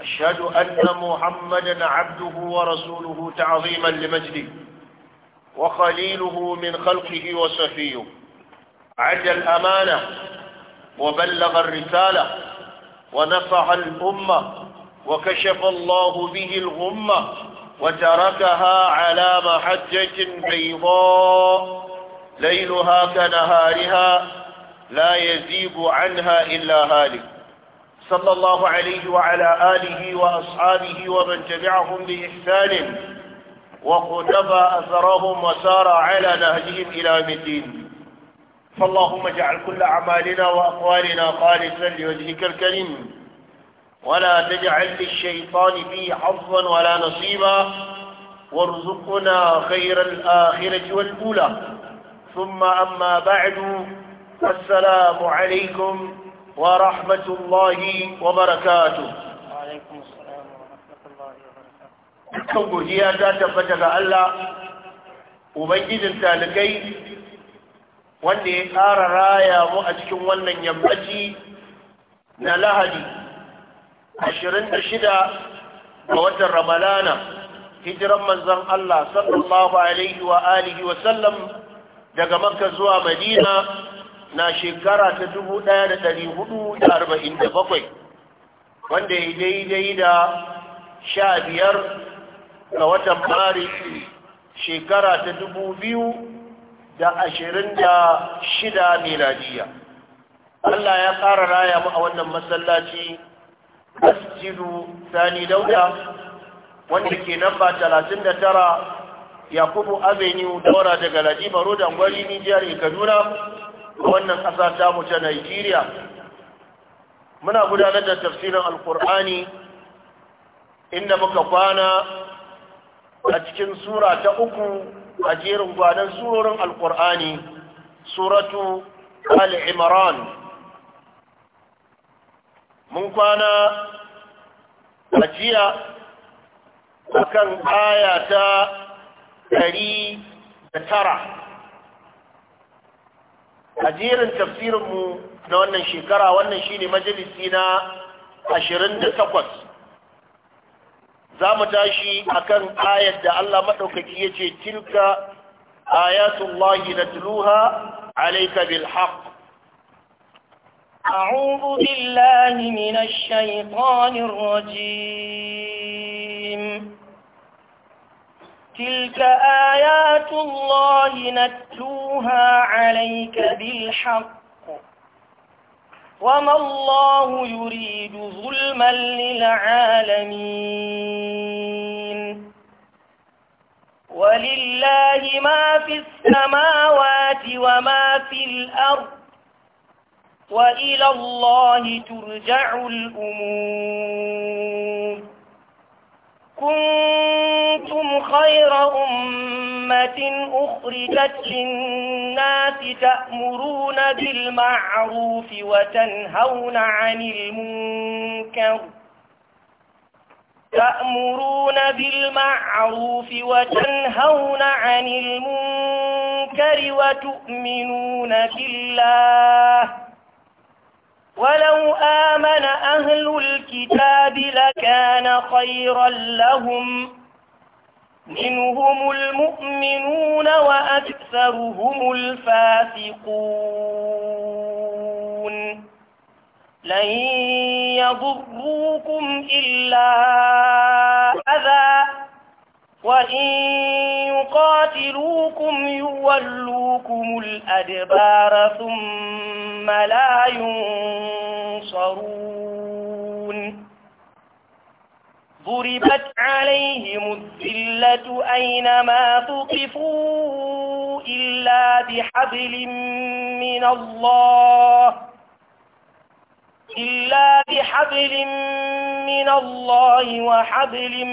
أشهد أن محمدا عبده ورسوله تعظيما لمجده وخليله من خلقه وصفيه عد الأمانة وبلغ الرسالة ونفع الأمة وكشف الله به الغمة وتركها على محجة بيضاء ليلها كنهارها لا يزيب عنها إلا هالك صلى الله عليه وعلى آله وأصحابه ومن تبعهم بإحسان وقتب أثرهم وسار على نهجهم إلى الدين فاللهم اجعل كل أعمالنا وأقوالنا خالصا لوجهك الكريم ولا تجعل للشيطان فيه حظا ولا نصيبا وارزقنا خير الآخرة والأولى ثم أما بعد السلام عليكم ورحمة الله وبركاته وعليكم السلام ورحمة الله وبركاته godiya ta tabbata ga Allah ubangijin talibai wanda ya ƙara raya mu a cikin wannan yammaci na lahadi 26 ga watan Ramadana, hijiran manzon Allah sallallahu alaihi wa wa sallam daga makka zuwa madina na shekara ta dubu ɗaya da da arba'in da bakwai, wanda ya daidai da sha biyar ga watan mari shekara ta dubu biyu da ashirin da shida Allah ya ƙara raya mu a wannan masallaci masjidu sani dauda wanda ke namba talatin da tara yakubu avenue daura daga lajima rodan gwari nijiyar kaduna wannan ƙasa ta mu ta Najeriya muna gudanar da tafsirin alkur'ani inda muka kwana a cikin sura ta uku a jerin gwanon surorin alkur'ani suratu al-imran mun kwana a jiya a kan aya ta tara. a jerin tafsirinmu na wannan shekara wannan shine majalisi na 28 za mu tashi akan ayar da Allah maɗaukaki ya ce tilka ayatullahi na tuluha alaika bilhaq أعوذ بالله من الشيطان الرجيم تلك آيات الله نتلوها عليك بالحق وما الله يريد ظلما للعالمين ولله ما في السماوات وما في الأرض وإلى الله ترجع الأمور أخرجت للناس تأمرون بالمعروف وتنهون عن المنكر تأمرون بالمعروف وتنهون عن المنكر وتؤمنون بالله ولو آمن أهل الكتاب لكان خيرا لهم منهم المؤمنون وأكثرهم الفاسقون لن يضروكم إلا أذى وإن يقاتلوكم يولوكم الأدبار ثم لا ينصرون ضربت عليهم الذلة أينما ثقفوا إلا بحبل من الله إلا بحبل من الله وحبل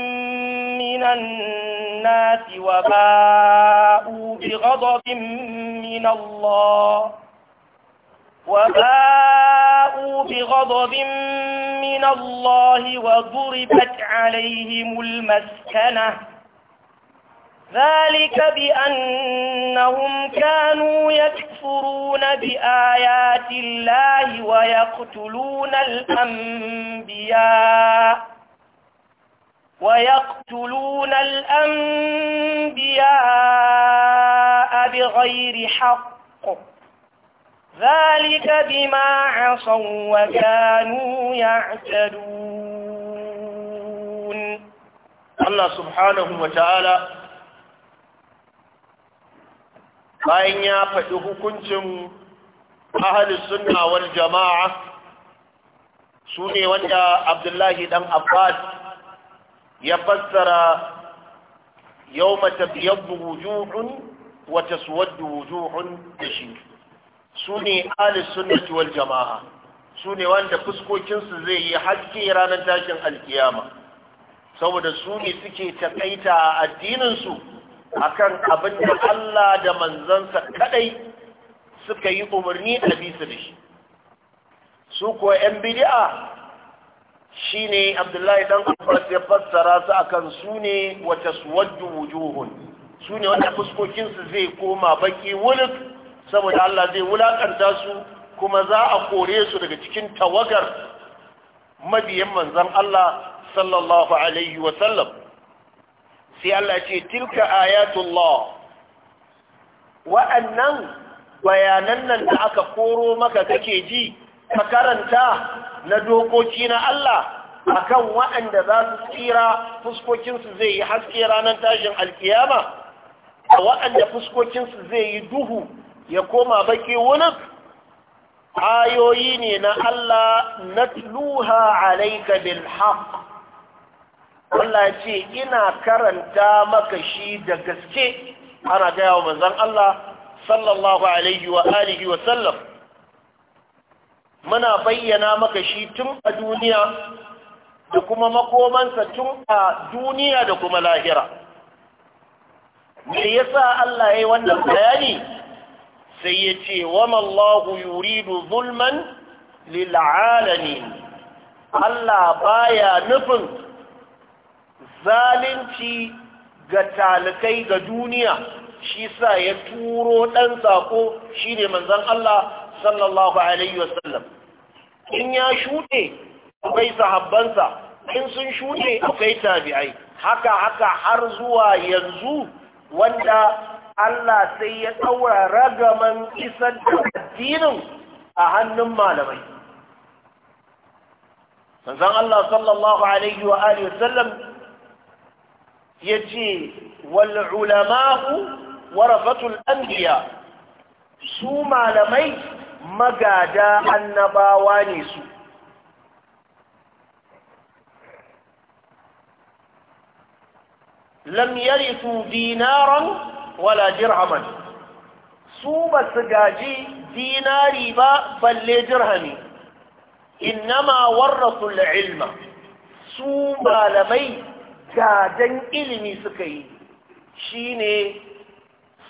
من الناس وباءوا بغضب من الله وباءوا بغضب من الله وضربت عليهم المسكنة ذلك بأنهم كانوا يكفرون بآيات الله ويقتلون الأنبياء ويقتلون الأنبياء بغير حق ذلك بما عصوا وكانوا يعتدون الله سبحانه وتعالى bayan ya faɗi hukuncin ahalus sunna wal jama'a su ne wanda abdullahi dan abbas ya fassara yau matabiyar wujuhun wata suwaddu wujuhun da shi su ne alis wal jama'a su ne wanda fuskokinsu zai yi haske ranar tashin alkiyama saboda su ne suke takaita a addininsu a kan abin da Allah da manzansa kadai suka yi umarni a bisa da shi su kuwa 'yan bidi'a shi ne abdullahi dan abbas ya fassara su akan su ne wata suwaddu wujuhun su ne wanda fuskokinsu zai koma baki wuluk saboda Allah zai wulakanta su kuma za a kore su daga cikin tawagar mabiyan manzan Allah sallallahu alaihi wasallam sai Allah ce tilka ayatullah wa'annan bayanan nan da aka koro maka kake ji ka karanta na dokoki na Allah akan waɗanda za su tsira fuskokinsu zai yi haske ranar tashin alkiyama A waɗanda fuskokinsu zai yi duhu ya koma baki wunin ayoyi ne na Allah na tuluha alaika bil haq Allah ce ina karanta maka shi da gaske ana gaya wa manzon Allah sallallahu alaihi wa alihi wa sallam muna bayyana maka shi tun a duniya da kuma makomansa tun a duniya da kuma lahira me yasa Allah ya yi wannan bayani sai ya ce wama Allahu yuridu zulman lil alamin Allah baya nufin zalunci ga talikai ga duniya shi sa ya turo ɗan sako shine manzon Allah sallallahu alaihi wasallam in ya shuɗe akwai sahabbansa in sun shuɗe akwai tabi'ai haka haka har zuwa yanzu wanda Allah sai ya ɗaura ragaman isar da addinin a hannun malamai. Sanzan Allah sallallahu Alaihi wa Alihi sallam ya ce, Wal'ulama'u warafatul anbiya su malamai magada annabawa ne su. لم dinaron. wala jirhaman su ba su gaji dinari ba balle dirhami innama warrasu ilma su malamai gadan ilimi suka yi shine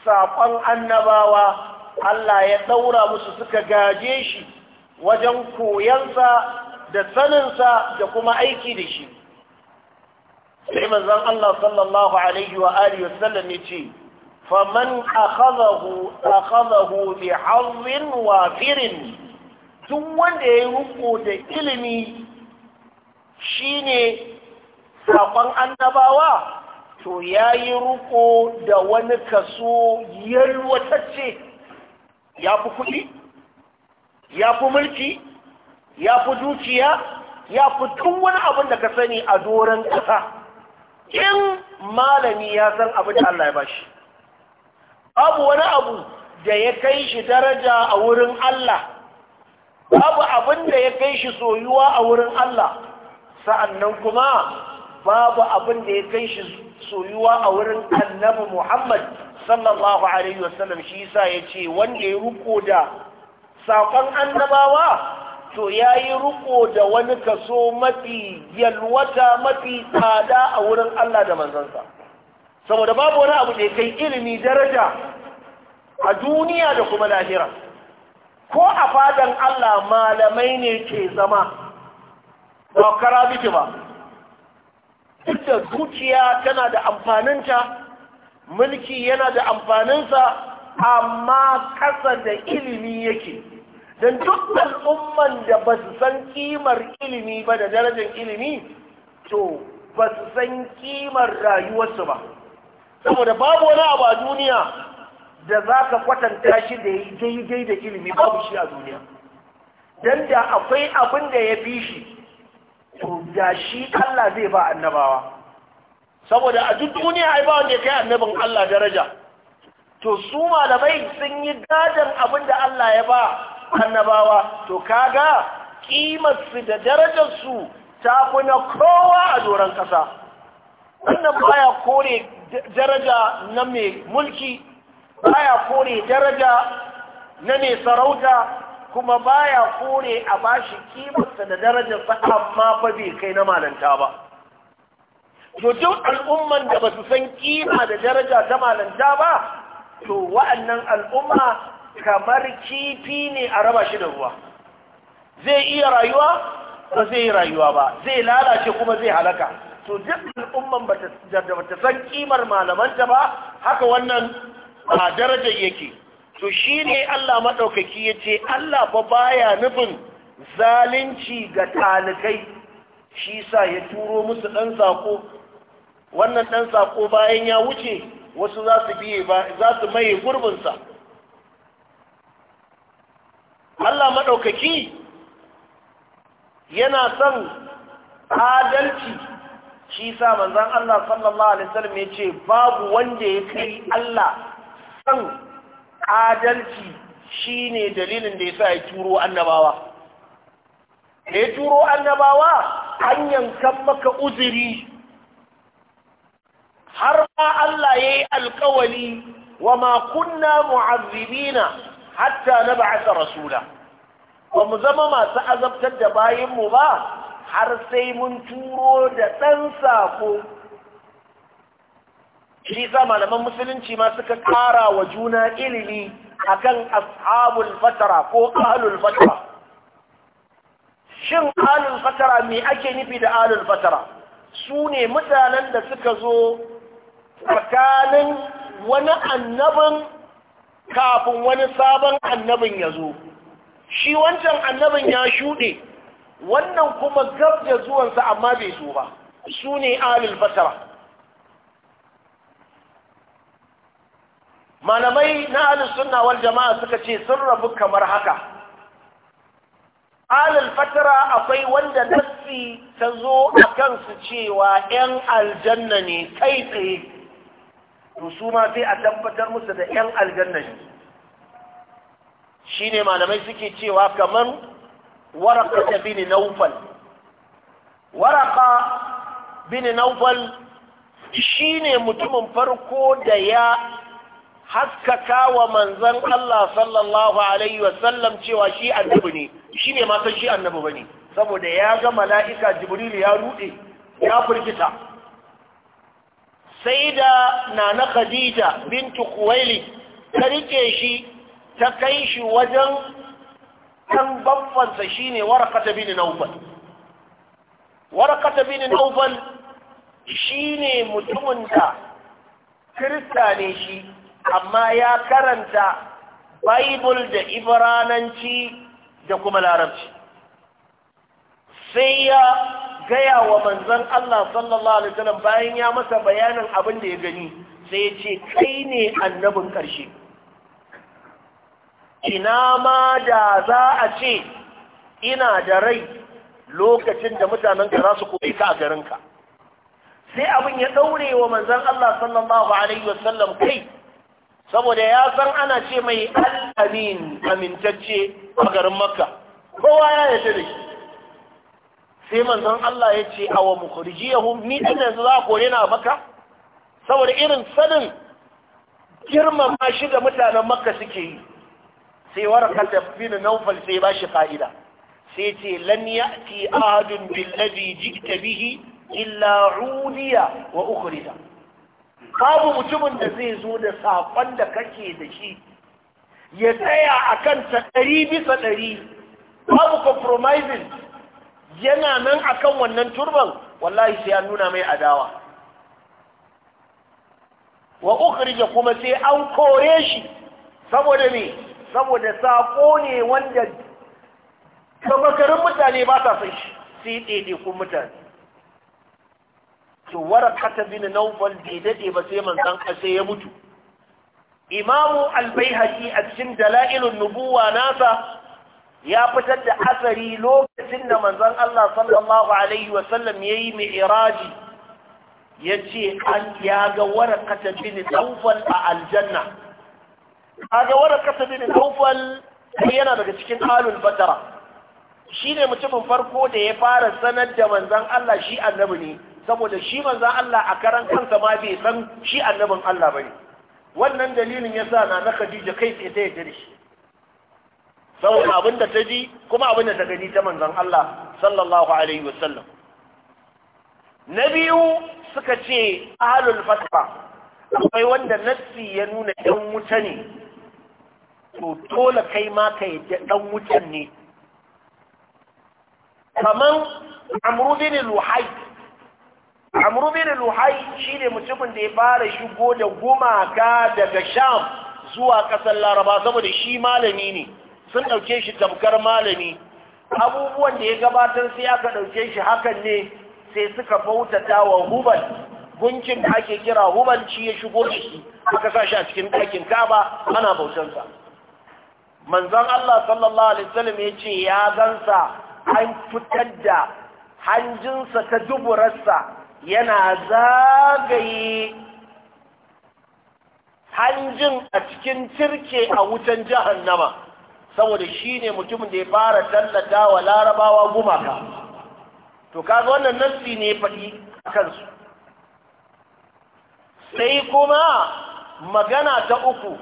saƙon annabawa Allah ya ɗaura musu suka gaje shi wajen koyansa da saninsa da kuma aiki da shi. Sai manzon Allah sallallahu Alaihi wa Sallam ya ce, faman akhadahu akhadahu bi hazzin wafirin duk wanda ya ruko da ilimi shine sakon annabawa to yayi ruko da wani kaso yalwatacce ya fi kuɗi ya fi mulki ya fi dukiya ya fi duk wani abin da ka sani a doron ƙasa in malami ya san abin da Allah ya bashi babu wani abu da ya kai shi daraja a wurin Allah babu abin da ya kai shi soyuwa a wurin Allah sa'annan kuma babu abin da ya kai shi soyuwa a wurin annabi Muhammad sallallahu alaihi wasallam shi yasa yace wanda ya ruko da sakon annabawa to ya yi ruko da wani kaso mafi yalwata mafi tsada a wurin Allah da manzansa saboda babu wani abu da ya kai ilimi daraja a duniya da kuma lahira ko a fadan Allah malamai ne ke zama ba kara biki ba duk da dukiya tana da amfaninta mulki yana da amfaninsa amma ƙasa da ilimi yake don duk al'umman da ba su san kimar ilimi ba da darajar ilimi to ba su san kimar rayuwarsu ba saboda babu wani abu a duniya da za ka kwatanta shi da ya daidai da ilimi babu shi a duniya don da akwai abin da ya fi shi to da shi Allah zai ba annabawa saboda a duk duniya ai ba wanda ya kai annabin Allah daraja to su malamai sun yi gadon abin da Allah ya ba annabawa to kaga kimarsu da darajarsu ta kuna kowa a doron ƙasa wannan baya kore daraja na mai mulki baya kore daraja na mai sarauta kuma baya kore a bashi kimarsa da darajarsa amma ba bai kai na malanta ba to duk al'umman da ba su san kima da daraja ta malanta ba to wa'annan al'umma kamar kifi ne a raba shi da ruwa zai iya rayuwa ba zai yi rayuwa ba zai lalace kuma zai halaka to duk al'umman da bata san kimar malamanta ba haka wannan a darajar yake to shi ne Allah madaukaki yace Allah ba baya nufin zalunci ga talikai shi sa ya turo musu dan sako wannan ɗan sako bayan ya wuce wasu za su biye ba za su maye gurbin sa Allah maɗaukaki yana son adalci shi sa manzon Allah sallallahu alaihi wasallam ya ce babu wanda ya kai Allah san adalci shine dalilin da yasa ya turo annabawa da ya turo annabawa hanyar kan maka uzuri har ma Allah ya yi alkawali wa makunna kunna mu'azzibina hatta na ba'asa rasula ba mu zama masu azabtar da bayanmu ba har sai mun turo da ɗan sako shi za malaman musulunci ma suka ƙara wa juna ilimi akan ashabul fatara ko ahlul fatara shin ahlul fatara me ake nufi da ahlul fatara su ne mutanen da suka zo tsakanin wani annabin kafin wani sabon annabin ya zo shi wancan annabin ya shuɗe wannan kuma gab da zuwansa amma bai zo ba su ne alil basara malamai na alil sunna wal jama'a suka ce sun rabu kamar haka alil fatara akwai wanda nassi ta zo a kansu cewa 'yan aljanna ne kai tsaye to su ma sai a tabbatar musu da 'yan aljanna ne shi ne malamai suke cewa kamar waraka bin naufal waraka bin naufal shine mutumin farko da ya haskaka wa manzon Allah sallallahu alaihi wasallam cewa shi annabi ne shine ma san shi annabi bane saboda ya ga mala'ika jibril ya rude ya furkita sai da nana khadija bintu khuwailid ta rike shi ta kai shi wajen kan babbansa shine warakata bin naufal warakata bin naufal shine mutumin da kirista ne shi amma ya karanta Baibul da ibrananci da kuma larabci sai ya gaya wa manzon Allah sallallahu alaihi wasallam bayan ya masa bayanin abin da ya gani sai ya ce kai ne annabin ƙarshe ina ma da za a ce ina da rai lokacin da mutanenka za su koyi ka a garinka sai abin ya ɗaure wa manzan Allah sallallahu Alaihi wasallam kai saboda ya san ana ce mai al'amin amintacce a garin makka kowa ya yi da shi sai manzan Allah ya ce awa mukurjiyahum ni ɗin yanzu za a kore na maka saboda irin sanin girmama shi da mutanen makka suke yi sai warakata bin naufal sai ba shi fa'ida sai ce lan ya'ti ahadun billazi jikta bihi illa udiya wa ukhrija babu mutumin da zai zo da saƙon da kake da shi ya tsaya akan ta ɗari bisa ɗari babu compromising yana nan akan wannan turban wallahi sai an nuna mai adawa wa ukhrija kuma sai an kore shi saboda me saboda saƙo ne wanda tabakarin mutane ba ta san shi sai ɗaiɗaikun mutane to warakata bin naufal ya daɗe ba sai manzan ƙasai ya mutu imamu albaihaki a cikin dala'ilun nubuwa nasa ya fitar da asari lokacin da manzan Allah sallallahu alaihi wasallam ya yi mi'iraji ya ce an ya ga warakata bin naufal a aljanna kaga wani kasabi bin awwal yana daga cikin alul batara shine mutumin farko da ya fara sanar da manzon Allah shi annabi ne saboda shi manzon Allah a karan kansa ma bai san shi annabin Allah bane wannan dalilin yasa na na Khadija kai tsaye ta yarda shi saboda abin da ta ji kuma abin da ta gani ta manzon Allah sallallahu alaihi wasallam na biyu suka ce ahlul fatwa akwai wanda nassi ya nuna ɗan wuta ne to tola kai ma ka yi dan wutan ne kaman amru luhai amru Luhai luhai shine mutumin da ya fara shigo da gumaka daga sham zuwa kasar laraba saboda shi malami ne sun dauke shi tamkar malami abubuwan da ya gabatar sai aka dauke shi hakan ne sai suka bautata wa hubal gunkin da ake kira hubal shi ya shigo da shi aka sa shi a cikin ɗakin kaba ana bautansa manzon Allah sallallahu alaihi wasallam ya ce ya gansa an fitar da hanjinsa ta duburarsa yana zagaye hanjin a cikin cirke a wutan jahannama saboda shi ne mutumin da ya fara tallata wa larabawa gumaka to kaga wannan nassi ne faɗi a kansu sai kuma magana ta uku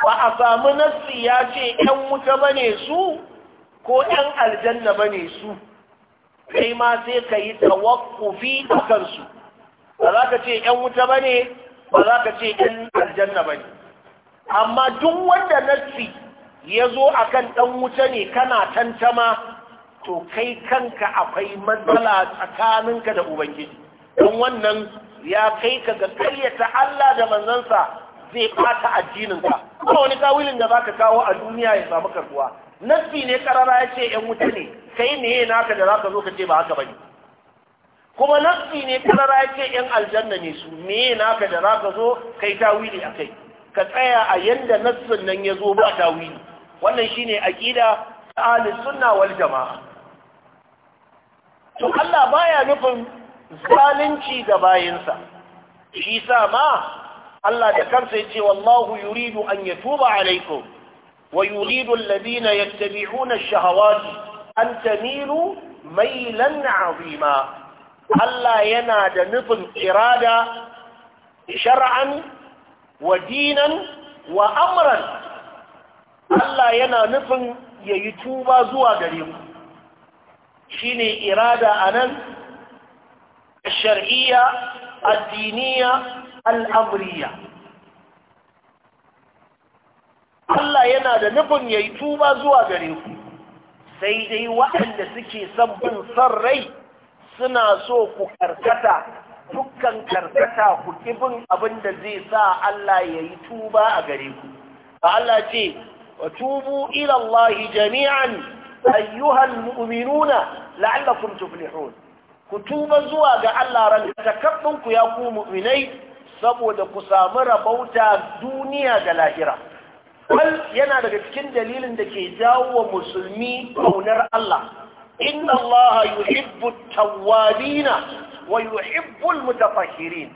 ba a samu nassi ya ce ‘yan wuta ba su ko ‘yan aljanna ba su kai ma sai ka yi tawakufi a kansu ba za ka ce ‘yan wuta ba ba za ka ce ‘yan aljanna ba amma duk wanda nassi ya zo a kan ɗan wuta ne kana tantama to kai kanka akwai matsala tsakaninka da ubangiji don wannan ya kai ka ga karyata Allah da manzansa zai ɓata addininka kuma wani kawilin da za ka kawo a duniya ya samu karbuwa nassi ne karara ya ce ‘yan wuta ne kai ne naka da zaka zo ka ce ba haka bane kuma nassi ne karara ya ce ‘yan aljanna ne su me naka da zaka zo kai tawili a kai ka tsaya a yadda nassin nan ya zo ba tawili wannan shine aqida ahlus sunna wal jamaa to Allah baya nufin zalunci da bayinsa shi sa ma Allah da kansa ya ce wallahu yuridu an yatuba alaikum wa yuridu alladhina yattabi'una ash-shahawati an tamilu mailan 'azima Allah yana da nufin irada shar'an wa dinan wa amran Allah yana nufin yayi tuba zuwa gare ku shine irada anan الشرعية الدينية al'amriya Allah yana da nufin ya yi tuba zuwa gare ku sai dai waɗanda suke son bin son rai suna so ku karkata dukkan karkata ku bin abin da zai sa Allah ya yi tuba a gare ku ba Allah ce wa tubu ila Allah jami'an ayyuhal mu'minuna la'allakum tuflihun ku tuba zuwa ga Allah ran takabbun ku ya ku mu'minai saboda ku samu rabauta duniya da lahira wal yana daga cikin dalilin da ke jawo wa musulmi kaunar Allah inna Allah yuhibbu tawwabina wa yuhibbu almutafakkirin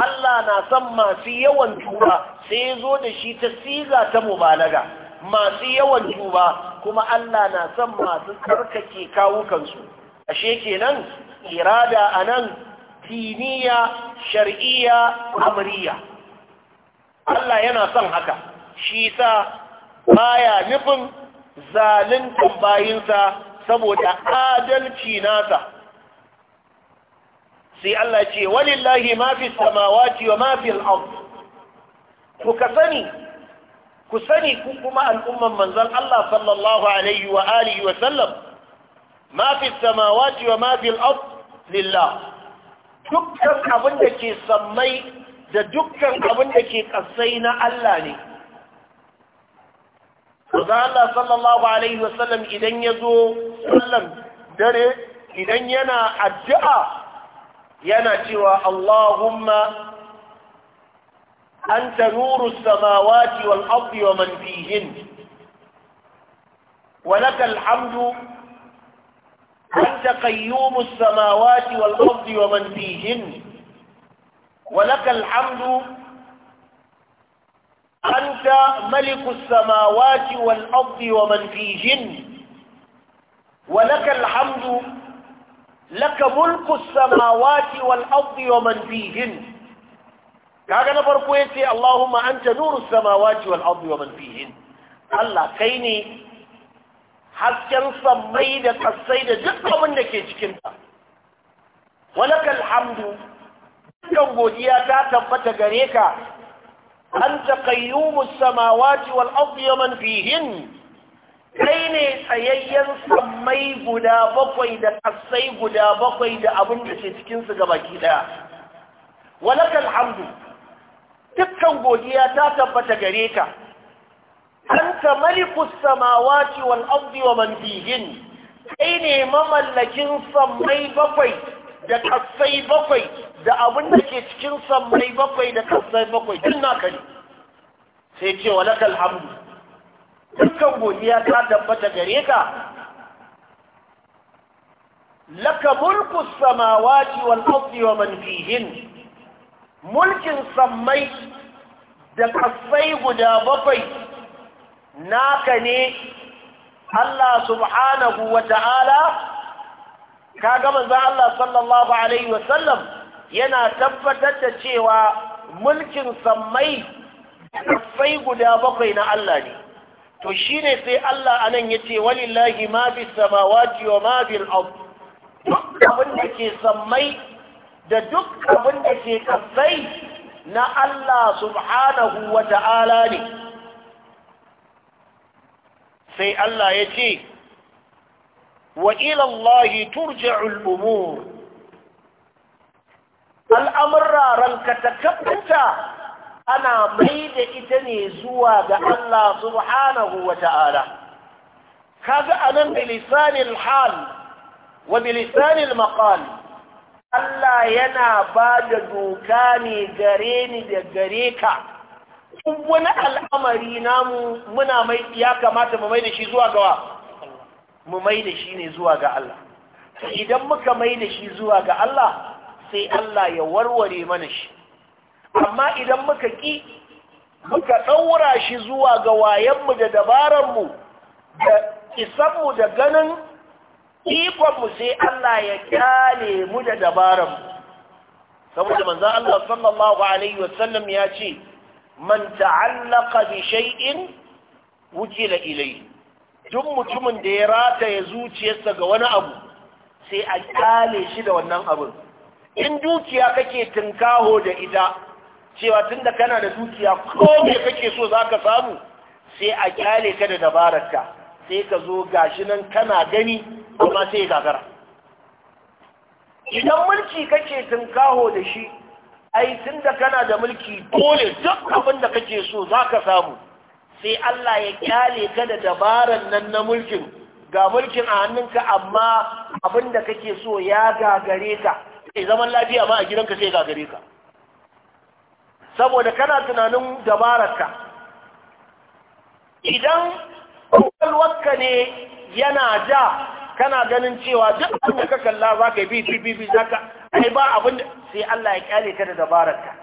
Allah na san masu yawan tura sai zo da shi ta siga ta mubalaga masu yawan tuba kuma Allah na san masu kawukan kawukansu ashe kenan irada anan diniya shar'iyya amriya Allah yana son haka shi sa baya nufin zaluntan bayinsa saboda adalci nasa sai Allah ce walillahi ma fi samawati wa ma fi al-ard ku kasani ku sani ku kuma al'umman manzon Allah sallallahu alaihi wa alihi wa sallam ma fi samawati wa ma fi al-ard lillah dukkan abin da ke sammai da dukkan abin da ke kasai na Allah ne Maza Allah sallallahu Alaihi wasallam idan ya zo sallam dare idan yana addu'a yana cewa Allahumma أنت samawati السماوات wa ومن فيهن ولك الحمد أنت قيوم السماوات والأرض ومن فيهن ولك الحمد أنت ملك السماوات والأرض ومن فيهن ولك الحمد لك ملك السماوات والأرض ومن فيهن كاغنا فرقويتي اللهم أنت نور السماوات والأرض ومن فيهن الله كيني hasken sammai da kasai da duk abin da ke cikinta walakal hamdu dukkan godiya ta tabbata gare ka anta qayyumus samawati wal ardi fihin kai ne tsayayyen sammai guda bakwai da kasai guda bakwai da abin da ke cikin su gabaki daya walakal hamdu dukkan godiya ta tabbata gare ka anta malikus samawati wal ardi wa man fihin kai ne mamallakin sammai bakwai da kasai bakwai da abin da ke cikin sammai bakwai da kasai bakwai din naka ne sai ce wa lakal hamdu dukkan godiya ta tabbata gare ka laka mulkus samawati wal ardi wa man fihin mulkin sammai da kasai guda bakwai naka ne Allah subhanahu wa ta'ala ka gama za Allah sallallahu Alaihi wasallam yana tabbatar da cewa mulkin sammai sai guda bakwai na Allah ne to shi ne sai Allah a nan ya ce walillahi ma fi samawati wa ma fi duk ke sammai da duk abin ke kasai na Allah subhanahu wa ta'ala ne sai Allah ya ce wa ilallahi turja'ul umur al'amurra ranka ta ana mai da ita ne zuwa ga Allah subhanahu wa ta'ala. Kaga anan nan bilisanin hal wa bilisanin maƙal, Allah yana ba da doka ne gare ni da gare ka wani al'amari namu muna mai ya kamata mu mai da shi zuwa gawa mu mai da shi ne zuwa ga Allah idan muka mai da shi zuwa ga Allah sai Allah ya warware mana shi amma idan muka ƙi muka ɗaura shi zuwa ga wayanmu da dabaran mu, da isanmu da ganin mu sai Allah ya kyale mu da dabaran mu. saboda manzan Allah sallallahu Alaihi wasallam ya ce man ta'allaqa bi shay'in wukila ilayhi duk mutumin da ya rataya zuciyarsa ga wani abu sai a kyale shi da wannan abin in dukiya kake tinkaho da ita cewa tunda kana da dukiya ko me kake so zaka samu sai a kyale ka da dabararka sai ka zo gashi nan kana gani kuma sai gagara idan mulki kake tinkaho da shi ai tun da kana da mulki dole duk abin da kake so za ka samu sai Allah ya kyale ka da dabaran nan na mulkin ga mulkin a hannunka amma abin da kake so ya gagare ka sai zaman lafiya ma a gidanka sai gagare ka saboda kana tunanin dabararka idan kwalwarka ne yana ja kana ganin cewa duk abin da ka kalla za ka yi bi bi bi za ka ai ba abin da sai Allah ya kyale ka da dabararka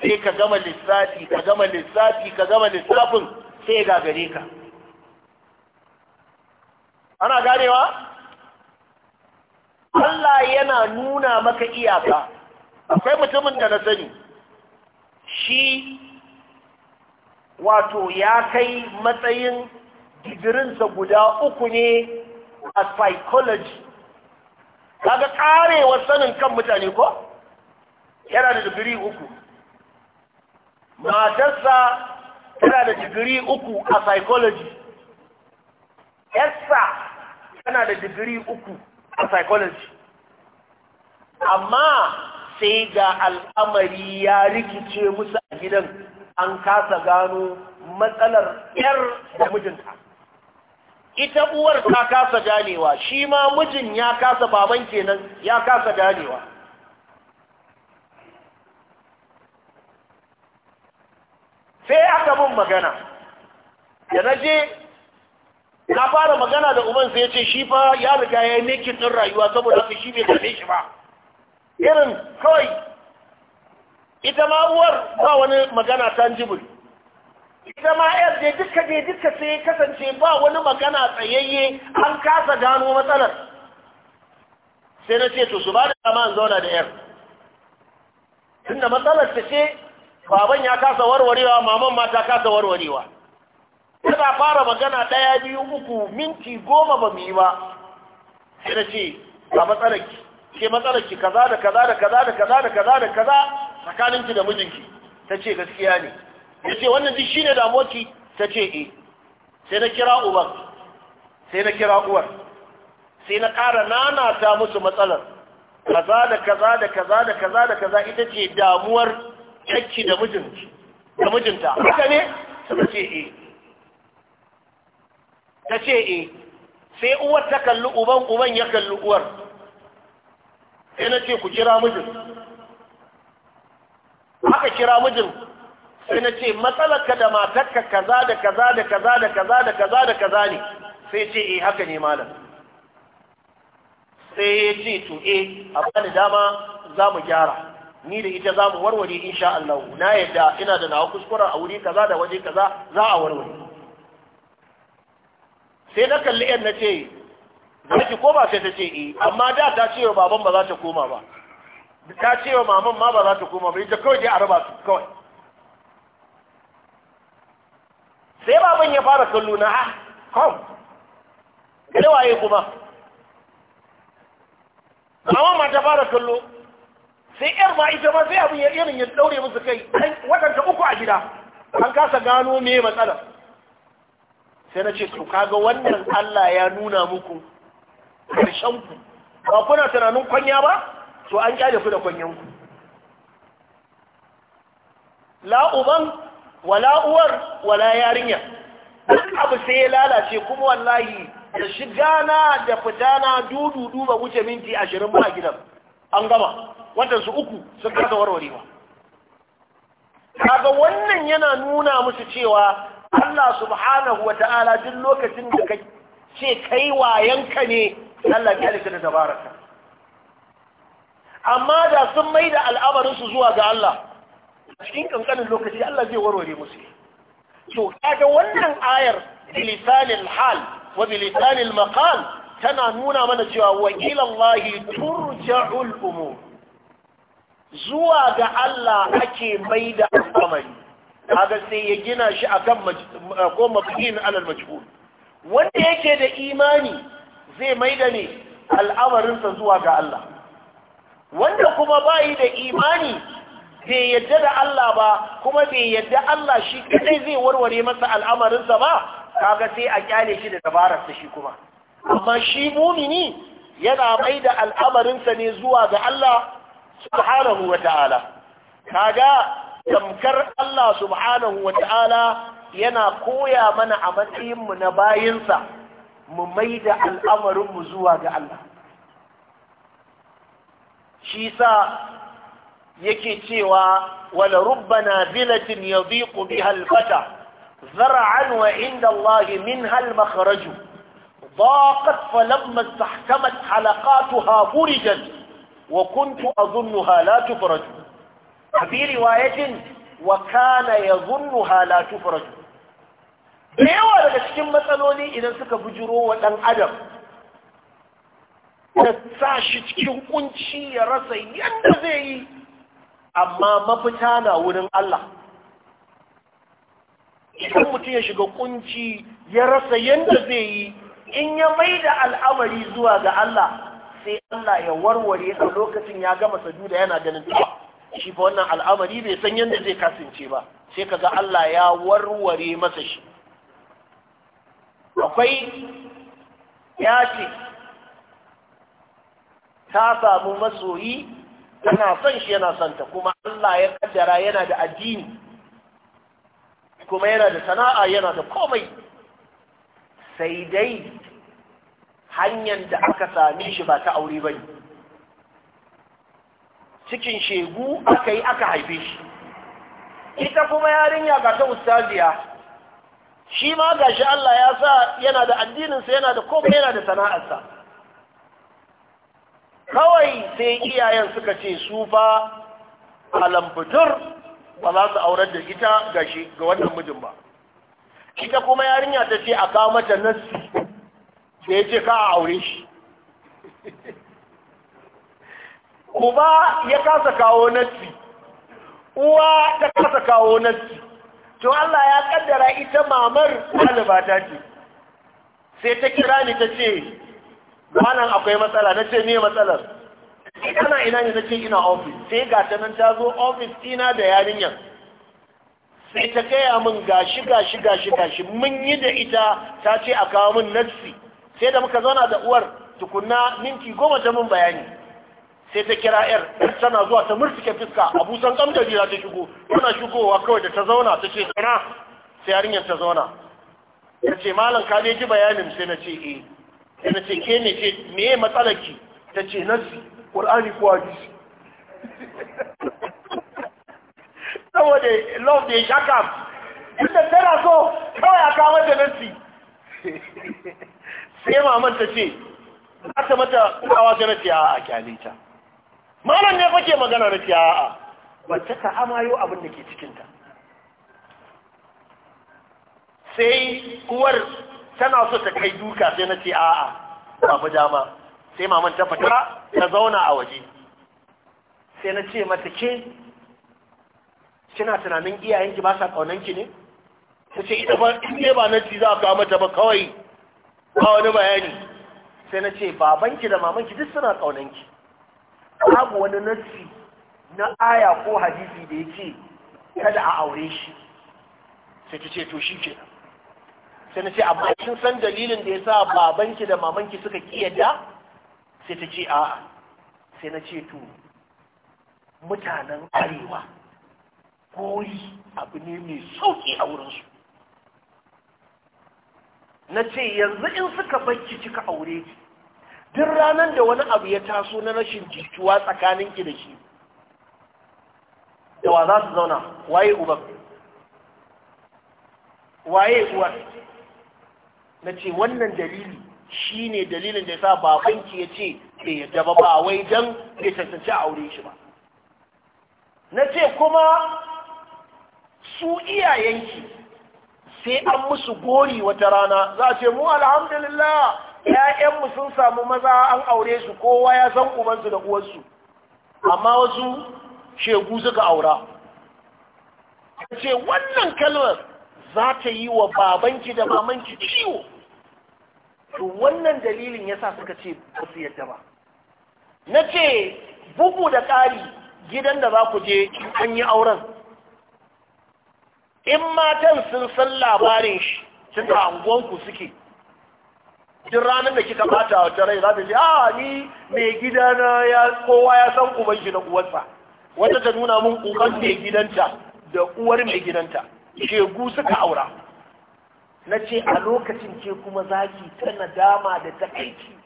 sai ka gama lissafi ka gama lissafi ka gama lissafin sai ya gagare ka ana ganewa Allah yana nuna maka iyaka akwai mutumin da na sani shi wato ya kai matsayin digirinsa guda uku ne a psychology kaga ƙarewar sanin kan mutane ko yana da digiri uku matarsa tana da digiri uku a psychology yarsa tana da digiri uku a psychology amma sai ga al'amari ya rikice musu a gidan an kasa gano matsalar yar da mijinta ita uwar ta kasa ganewa shi ma mijin ya kasa baban kenan ya kasa ganewa sai aka bin magana da na je na fara magana da uban sai ce shi fa ya riga ya yi mekin ɗin rayuwa saboda haka shi mai dame shi ba irin kawai ita ma uwar ba wani magana ta jibin ita ma yar da duka je duka sai kasance ba wani magana tsayayye an kasa gano matsalar sai na ce to su ba da dama zauna da yar Tun da matsalar ta ce baban ya kasa warwarewa maman ma ta kasa warwarewa tana fara magana ɗaya biyu uku minti goma ba mu yi ba sai na ce a matsalarki ke matsalarki kaza da kaza da kaza da kaza da kaza da kaza tsakaninki da mijinki ta ce gaskiya ne ya ce wannan duk ne damuwarki ta ce e. sai na kira uban sai na kira uwar sai na ƙara nanata musu matsalar kaza da kaza da kaza da kaza da kaza ita ce damuwar yacci da mijinta haka ne ta ce e. ta ce e. sai uwar ta kalli uban uban ya kalli uwar sai na ce ku kira mijin haka kira mijin sai na ce matsalarka da matarka kaza da kaza da kaza da kaza da kaza da kaza ne sai ce eh haka ne malam sai ya ce to eh a bani dama za mu gyara ni da ita za mu warware insha Allah na yadda ina da nawa kuskuren a wuri kaza da waje kaza za a warware sai na kalli yan na ce za ki koma sai ta ce eh amma da ta ce wa baban ba za ta koma ba ta ce wa maman ma ba za ta koma ba ita kawai dai a raba su kawai sai baban ya fara kallo na ah kom kai waye kuma amma ma ta fara kallo sai yar ma ita ma sai abin ya irin ya daure musu kai watanta uku a gida an kasa gano me matsala sai na ce to kaga wannan Allah ya nuna muku karshen ku ba kuna tunanin kwanya ba to an kyale ku da kwanyanku ku la wala uwar wala yarinya duk abu sai ya lalace kuma wallahi da shiga na da fita na dudu duba wuce minti ashirin ba gidan an gama su uku sun kasa warwarewa kaga wannan yana nuna musu cewa Allah subhanahu wa ta'ala duk lokacin da ka ce kai wayanka ne Allah ya rika da dabararka amma da sun maida su zuwa ga Allah cikin kankanin lokaci Allah zai warware musu to kaga wannan ayar bilisanil hal wa bilisanil maqal tana nuna mana cewa wa ila turja'ul umur zuwa ga Allah ake da al'amari kaga sai ya gina shi akan ko mabdin alal majhul wanda yake da imani zai maida ne al'amarinsa zuwa ga Allah wanda kuma bayi da imani bai yadda da Allah ba kuma bai yadda Allah shi kadai zai warware masa al'amarinsa ba kaga sai a kyale shi da dabararsa shi kuma amma shi mumini yana mai da al'amarinsa ne zuwa ga Allah subhanahu wa ta'ala kaga tamkar Allah subhanahu wa ta'ala yana koya mana a matsayinmu na bayinsa mu mai da al'amarinmu zuwa ga Allah shi sa yake cewa wala rubbana bilatin yadhiqu biha al-fata zar'an wa inda Allah minha al-makhraju daqat fa lamma tahkamat halaqatuha furijat wa kuntu adhunnaha la tufraj fi riwayatin wa kana yadhunnaha la tufraj dayawa daga cikin matsaloli idan suka bujuro wa dan adam ta sashi cikin ƙunci ya rasa yadda zai yi amma mafita na wurin Allah idan mutum ya shiga kunci ya rasa yadda zai yi in ya mai da al'amari zuwa ga Allah sai Allah ya warware a lokacin ya gama saduda yana ganin cewa shi fa wannan al'amari bai san yadda zai kasance ba sai kaga Allah ya warware masa shi akwai ya ce ta samu masoyi tana son shi yana son ta kuma Allah ya kaddara yana da addini kuma yana da sana'a yana da komai sai dai hanyar da aka same shi ba ta aure ba cikin shegu aka yi aka haife shi ita kuma yarinya ga ta ustaziya shi ma ga shi Allah ya sa yana da addininsa yana da komai yana da sana'arsa kawai sai iyayen suka ce su fa alambutur ba za su aurar da ita ga shi ga wannan mijin ba ita kuma yarinya ta ce a kawo mata nassi da ya ce ka a aure shi uba ya kasa kawo nassi uwa ta kasa kawo nassi to Allah ya kaddara ita mamar ɗaliba ce sai ta kira ni ta ce malam akwai matsala na ce ne matsalar kana ina ne take ina ofis sai ga ta nan ta zo ofis ina da yarinyar sai ta gaya min gashi gashi gashi gashi mun yi da ita ta ce a kawo min nafsi sai da muka zauna da uwar tukunna minti goma ta min bayani sai ta kira yar tana zuwa ta murfike fuska a san kam da ta shigo tana shigowa kawai da ta zauna ta ce tsana sai yarinyar ta zauna ta ce malam ka ji bayanin sai na ce eh yana ce ke ne ce me ya matsalar ki ta ce nasi ƙur'ani ko hadisi saboda love da ya sha kam inda tana so kawai a kawo da nasi sai maman ta ce za ta mata kawo ta nasi a a kyale ta malam ne fake magana nasi ce a wacce ta amayo abin da ke cikinta sai uwar tana so ta kai duka sai na ce a'a babu dama sai maman ta fita ta zauna a waje sai na ce mata ke kina tunanin iyayenki ba sa kaunanki ne ta ce ita ba in ne ba na ci za a kawo mata ba kawai ba wani bayani sai na ce babanki da mamanki duk suna ki babu wani nasi na aya ko hadisi da yake kada a aure shi sai ta ce to shi kenan sai na ce amma kin san dalilin da ya sa babanki da mamanki suka kiyada sai ta ce a'a sai na ce to mutanen arewa koyi abu ne mai sauƙi a wurinsu na ce yanzu in suka bakki cika aure ki duk ranar da wani abu ya taso na rashin jituwa tsakanin ki da shi da wa za su zauna waye uban waye uwar na ce wannan dalili shi ne dalilin da ya sa babanki ya ce ke yadda ba ba wai don ya cancanci a aure shi ba na ce kuma su iyayenki sai an musu gori wata rana za a ce mu alhamdulillah ‘ya'yanmu sun samu maza an aure su kowa ya san ubansu da uwansu amma wasu shegu suka aura ce wannan kalmar za ta yi wa babanki da mamanki ciwo to wannan dalilin yasa suka ce ba su yadda ba na ce bugu da ƙari gidan da za ku je an yi auren in matan sun san labarin shi tun da anguwanku suke duk ranar da kika bata a wata rai za ta ce a ah, ni mai gidana ya kowa ya san uban shi da uwarsa wata ta nuna mun uban mai gidanta da uwar mai gidanta shegu suka aura na ce a lokacin ke kuma zaki ta nadama da ta aiki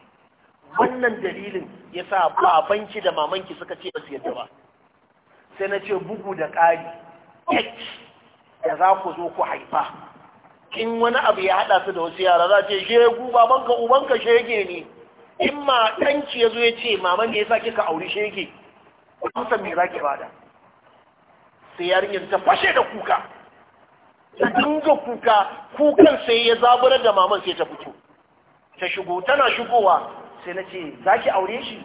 wannan dalilin ya sa babanki da mamanki suka ce ba su yadda ba sai na ce bugu da ƙari da za ku zo ku haifa in wani abu ya haɗa su da wasu yara za ce shegu babanka ubanka shege ne in ma ɗanki ya zo ya ce maman ne ya sa kika auri shege amsa me za ki bada sai yarinyar ta fashe da kuka ta dinga kuka kukan sai ya zaburar da maman sai ta fito ta shigo tana shigowa sai na ce za ki aure shi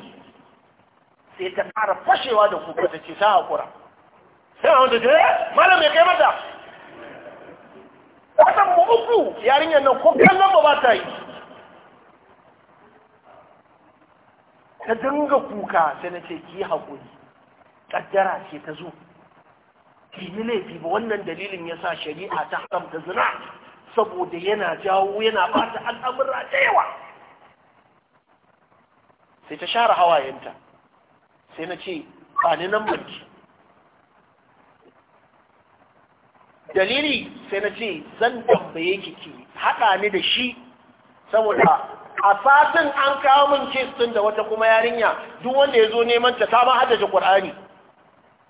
sai ta ƙara fashewa da kuka ta ce ta haƙura sai wanda ta yi eh, malam ya kai mata watan mu uku yarinyar nan ko kallon ba ba ta yi ta dinga kuka sai na ce ki haƙuri ƙaddara ce ta zo yi laifi ba wannan dalilin ya sa shari'a ta haramta zina saboda yana jawo yana bata al'amura da yawa sai ta share hawayenta sai na ce ba ni nan mulki dalili sai na ce zan tambaye ki ki haɗa ni da shi saboda a satin an kawo min kes ɗin da wata kuma yarinya duk wanda ya zo neman ta ta ma haddace ƙur'ani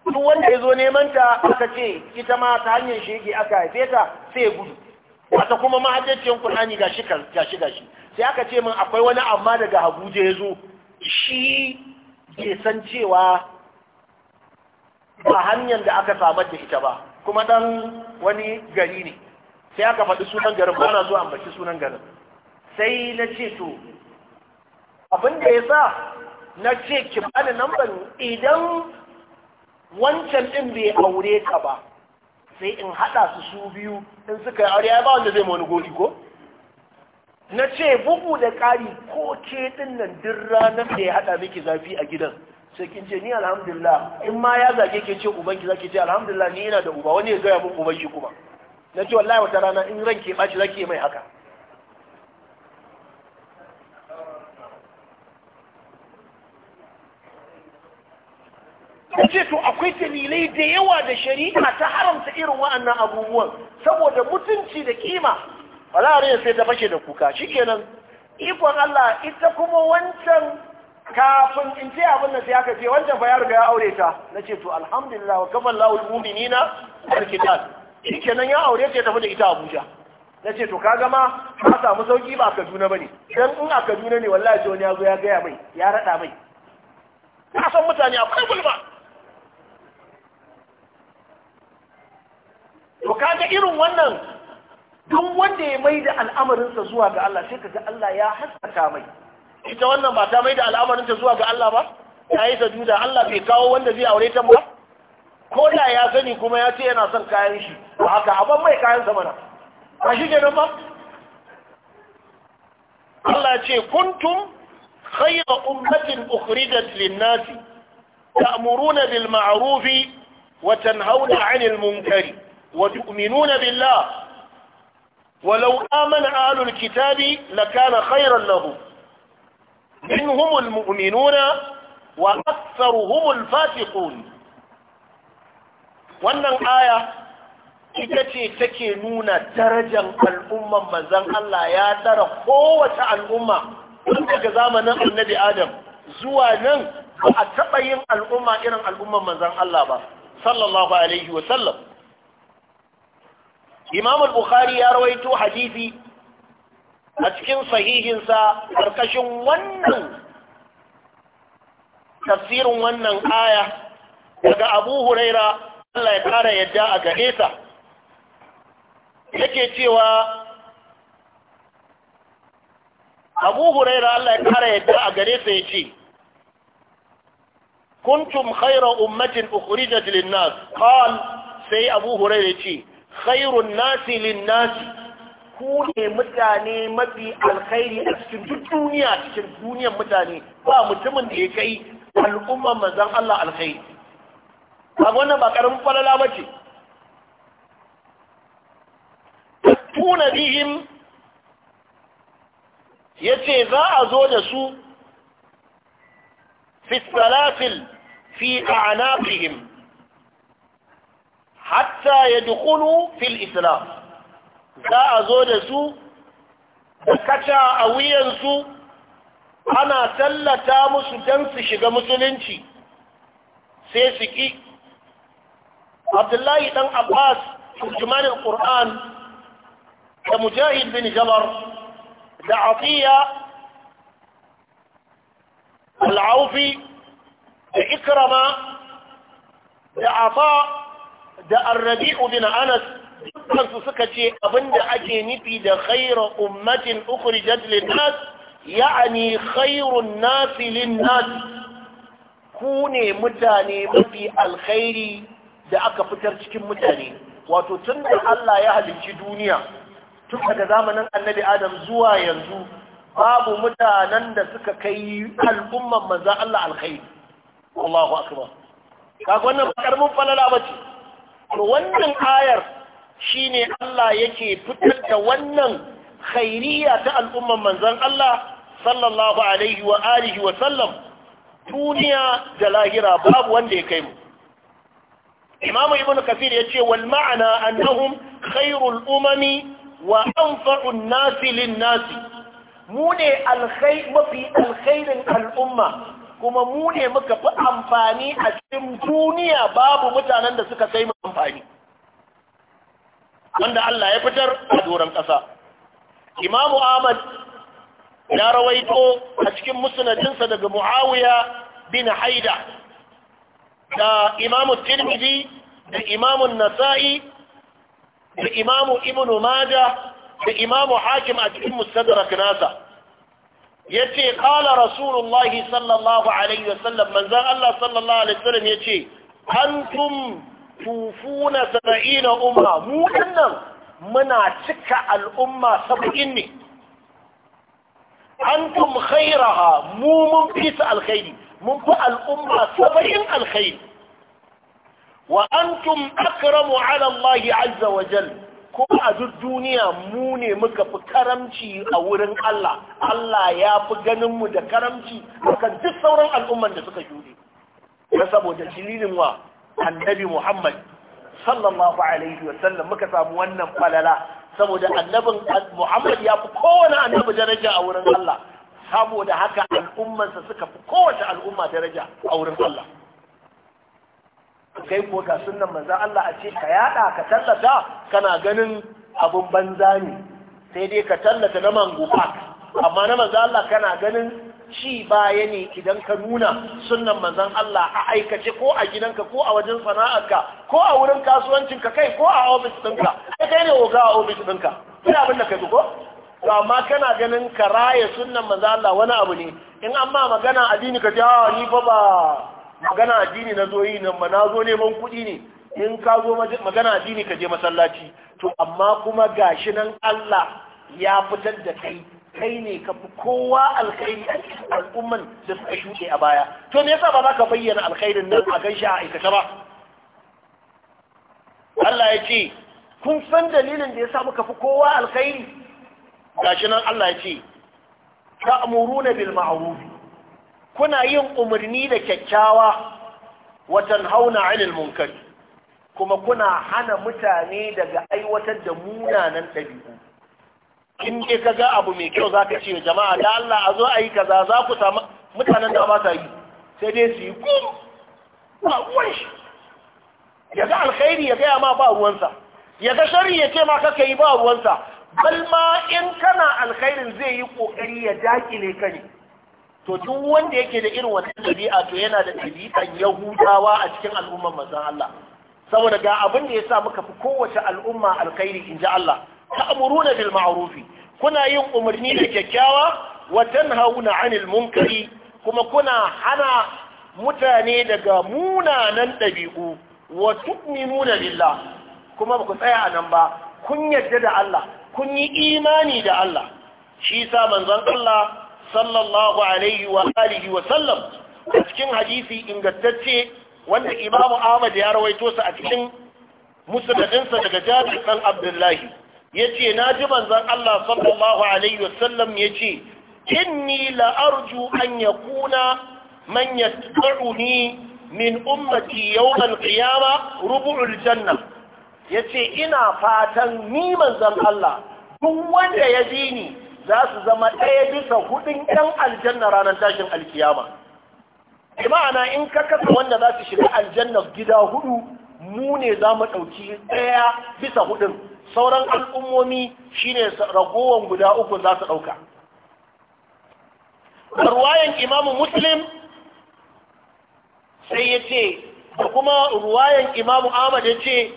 duk wanda ya zo neman ta aka ce ita ma ta hanyar shege aka haife ta sai gudu wata kuma kur'ani ga gashi gashi shi sai aka ce min akwai wani amma daga Abuja ya zo shi ke san cewa ba hanyar da aka samar da ita ba kuma dan wani gari ne sai aka faɗi sunan garin ba na zo ambaci sunan garin sai na ce to abin da ya sa na ce ki bani namban idan wancan ɗin bai aure ka ba sai in haɗa su su biyu in suka yi aure ya ba wanda zai ma wani ko na ce bugu da ƙari ko ke ɗin nan duk ranar da ya haɗa miki zafi a gidan sai kin ce ni alhamdulillah in ma ya zage ke ce ubanki zaki ce alhamdulillah ni ina da uba wani ya gaya min uban shi kuma na ce wallahi wata rana in ranke ɓaci zaki mai haka ya ce to akwai dalilai da yawa da shari'a ta haramta irin wa'annan abubuwan saboda mutunci da kima balare sai ta fashe da kuka shikenan ikon Allah ita kuma wancan kafin in ce abin nan sai aka ce wancan fa ya riga ya aure ta nace to alhamdulillah wa kafa Allahu muminina alkitab shikenan ya aure ta tafi da ita Abuja nace to kaga ma ka samu sauki ba Kaduna bane dan in a Kaduna ne wallahi wani ya ga ya gaya mai ya rada mai ka san mutane akwai gulma irin wannan duk wanda ya mai da al'amarinsa zuwa ga Allah sai kaga Allah ya haskaka mai ita wannan ba ta mai da al'amarinta zuwa ga Allah ba Ya yi sajuda Allah bai kawo wanda zai aure ta ba ko da ya sani kuma ya ce yana son kayan shi ba haka abin mai kayan sa mana ba shi kenan ba Allah ce kuntum khayra ummatin ukhrijat lin-nasi ta'muruna bil ma'ruf wa tanhauna 'anil munkari وتؤمنون بالله ولو آمن أهل الكتاب لكان خيرا لهم منهم المؤمنون وأكثرهم الفاسقون wannan aya ita ce take nuna darajar al'umman manzan Allah ya tsara kowace al'umma tun daga zamanin annabi Adam zuwa nan ba a taɓa yin al'umma irin al'umman manzan Allah ba sallallahu alaihi sallam. imam al-bukhari ya rawaito hadisi a cikin sahihinsa karkashin wannan tafsirin wannan aya daga abu huraira Allah ya kara yadda a gare ta yake cewa abu huraira Allah ya kara yadda a gare sa ya ce kuntum khaira ummatin ukhrijat lin-nas qal sai abu huraira ya ce khairun nasi lin nasi ku ne mutane mafi alkhairi a cikin duk duniya cikin duniyar mutane ba mutumin da ya kai al'umma manzon Allah alkhairi ba wannan ba karamin falala bace tuna bihim yace za a zo da su fi salafil fi a'naqihim حتى يدخلوا في الإسلام ذا أزود سو كتا أويا سو أنا سل تامس جنس شغ مسلنشي سيسكي عبد الله بن عباس ترجمان القرآن كمجاهد بن جمر لعطية العوفي إكرمة لعطاء da arrabi'u bin anas dukansu suka ce abinda ake nufi da khairu ummatin ukhrijat lin-nas ya'ani khairun nasi lin-nas ku ne mutane mafi alkhairi da aka fitar cikin mutane wato tunda Allah ya halicci duniya tun daga zamanin annabi Adam zuwa yanzu babu mutanen da suka kai al'umman manzan Allah alkhairi Allahu akbar kaga wannan ba karamin falala bace to wannan ayar shine Allah yake fitar da wannan khairiya ta al'umman manzon Allah sallallahu alaihi wa alihi wa sallam duniya da lahira babu wanda ya kai mu imamu ibn ya yace wal ma'ana annahum khairul umami wa anfa'un nasi lin nasi mu ne alkhair mafi alkhairin al'umma kuma mu ne muka fi amfani a cikin duniya babu mutanen da suka kai mu amfani wanda Allah ya fitar a doron ƙasa imamu ahmad ya rawaito a cikin musnadinsa daga muawiya bin haida da imamu tirmidhi da imamu nasa'i da imamu ibnu majah da imamu hakim a cikin mustadrak nasa yace qala rasulullahi sallallahu alaihi wasallam manzan Allah sallallahu alaihi wasallam yace antum tufuna sab'ina umma mu dinnan muna cika al'umma sab'in ne antum khairaha mu mun fi alkhairi mun fi al'umma saba'in alkhairi wa antum akramu ala Allah azza wa jalla ko a duk duniya mu ne muka fi karamci a wurin Allah Allah ya fi ganin mu da karamci akan duk sauran al'umman da suka jude na saboda jililin wa annabi Muhammad sallallahu alaihi wa sallam muka samu wannan falala saboda annabin Muhammad ya fi kowane annabi daraja a wurin Allah saboda haka al'ummansa suka fi kowace al'umma daraja a wurin Allah kai ko ga sunan manzan Allah a ce ka yada ka tallata kana ganin abun banza ne sai dai ka tallata na mango park amma na manzan Allah kana ganin ci baya ne idan ka nuna sunan manzan Allah a aikace ko a gidanka ko a wajen sana'arka ko a wurin kasuwancinka kai ko a ofis ɗinka kai kai ne oga a ofis ɗinka ina abin da ka ko to amma kana ganin ka raya sunan manzan Allah wani abu ne in amma magana addini ka ce ah, ni fa ba magana addini na zoyi nan ma na zo neman kuɗi ne in ka zo magana addini ka je masallaci to amma kuma gashi nan Allah ya fitar da kai kai ne ka fi kowa alkhairi a cikin al'umman da suka shuɗe a baya to me yasa ba za ka bayyana alkhairin nan a ganshi a aikata ba Allah ya ce kun san dalilin da ya sa muka fi kowa alkhairi gashi nan Allah ya ce ta'muruna bil ma'ruf kuna yin umarni da kyakkyawa watan hauna anil munkari kuma kuna hana mutane daga aiwatar da munanan ɗabi'u in dai ka ga abu mai kyau za ka ce jama'a da Allah a zo a yi kaza za ku samu mutanen da ba sa yi sai dai su yi gum ba uwan shi ya ga alkhairi ya gaya ma ba ruwansa ya ga shari ya ce ma kaka yi ba ruwansa bal ma in kana alkhairin zai yi kokari ya dakile ka ne to duk wanda yake da irin wannan ɗabi'a to yana da ɗabi'an yahudawa a cikin al'ummar manzon Allah saboda ga abin da yasa muka fi kowace al'umma alkhairi inji Allah ta'muruna bil ma'rufi kuna yin umarni da kyakkyawa wa tanhauna 'anil munkari kuma kuna hana mutane daga munanan ɗabi'u wa tu'minuna billah kuma ba ku tsaya a nan ba kun yarda da Allah kun yi imani da Allah shi sa manzon Allah sallallahu alaihi wa alihi wa sallam a cikin hadisi ingantacce wanda imamu ahmad ya rawaito sa a cikin musnadinsa daga jabir dan abdullahi yace na ji manzon Allah sallallahu alaihi wa sallam yace inni la arju an yakuna man yattabi'uni min ummati yawm al-qiyamah rubu'ul jannah yace ina fatan ni manzon Allah duk wanda ya ji ni za su zama ɗaya bisa hudun ɗan aljanna ranar tashin alkiyama bi ma'ana in ka kasa wanda za su shiga aljanna gida hudu mu ne za mu ɗauki ɗaya bisa hudun sauran al'ummomi shine ragowar guda uku za su ɗauka ruwayan imamu muslim sai ya ce da kuma ruwayan imamu ahmad ya ce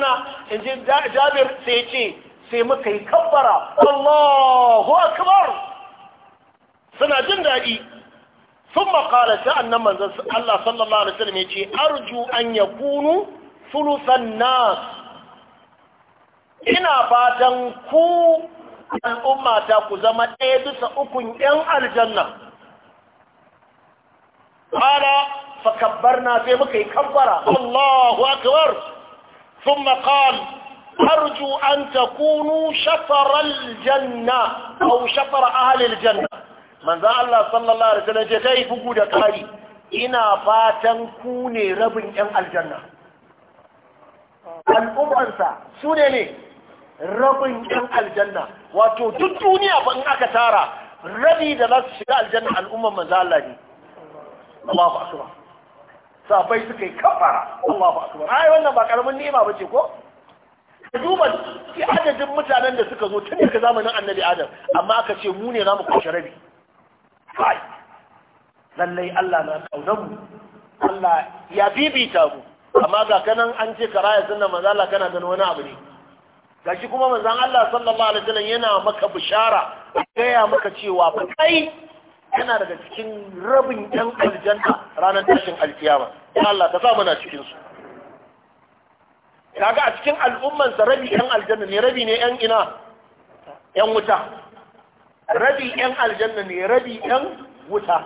na, in ji jabir sai ya ce sai muka yi kabbara Allahu akbar suna jin daɗi sun makala ta annan manzan Allah sallallahu alaihi wasallam ya ce arju an ya kunu sulusan nas ina fatan ku al'umma ta ku zama ɗaya bisa ukun ‘yan aljanna ƙara fakabbar na sai muka yi kabbara Allahu akbar sun makala arju an takunu shafaral janna aw shafara ahlil janna manzo Allah sallallahu alaihi wasallam ce kai bugu da kari ina fatan ku ne rabin ɗan aljanna al'ummarsa su ne ne rabin ɗan aljanna wato duk duniya ba in aka tara rabi da za su shiga aljanna al'ummar manzo Allah ne Allahu akbar sabai suka yi kafara Allahu akbar ai wannan ba karamin nema bace ko duba shi adadin mutanen da suka zo tun daga zamanin annabi adam amma aka ce mu ne za mu kwashe rabi kai lallai Allah na kaunar mu Allah ya bibita mu amma ga kanan an ce karaya sunna manzo kana ganin wani abu ne gashi kuma manzan Allah sallallahu alaihi wasallam yana maka bishara gaya maka cewa ba kai yana daga cikin rabin yan aljanna ranar tashin alkiyama ya Allah ka sa muna cikin su kaga a cikin al'umman sa rabi yan aljanna ne rabi ne yan ina yan wuta rabi yan aljanna ne rabi yan wuta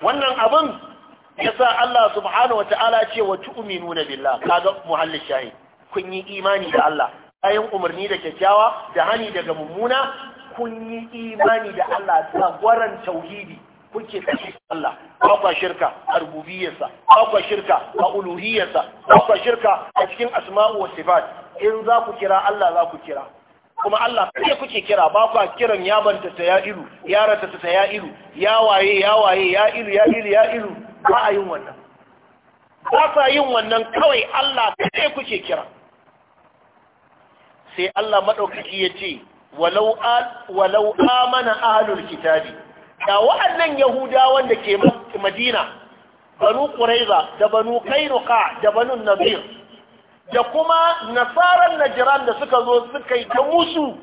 wannan abin yasa Allah subhanahu wa ta'ala ce wa tu'minuna billah kaga muhallin shayi. kun yi imani da Allah bayan umarni da kyakkyawa da hani daga mummuna kun yi imani da Allah tsagwaran tauhidi kuke tafi Allah ba kwa shirka a rububiyarsa ba kwa shirka a uluhiyarsa ba kwa shirka a cikin asma'u wa sifat in za ku kira Allah za ku kira kuma Allah kai kuke kira ba kwa kiran ya banta ta ya ilu ya rata ta ya ilu ya waye ya waye ya ilu ya ilu ya ilu ba a yin wannan ba sa yin wannan kawai Allah kai kuke kira sai Allah madaukaki ya ce walau amana ahlul kitabi da wa'annan yahudawan da ke madina banu Kuraiza da banu kainuka da banu nazir da kuma nasarar najiran da suka zo suka yi ta musu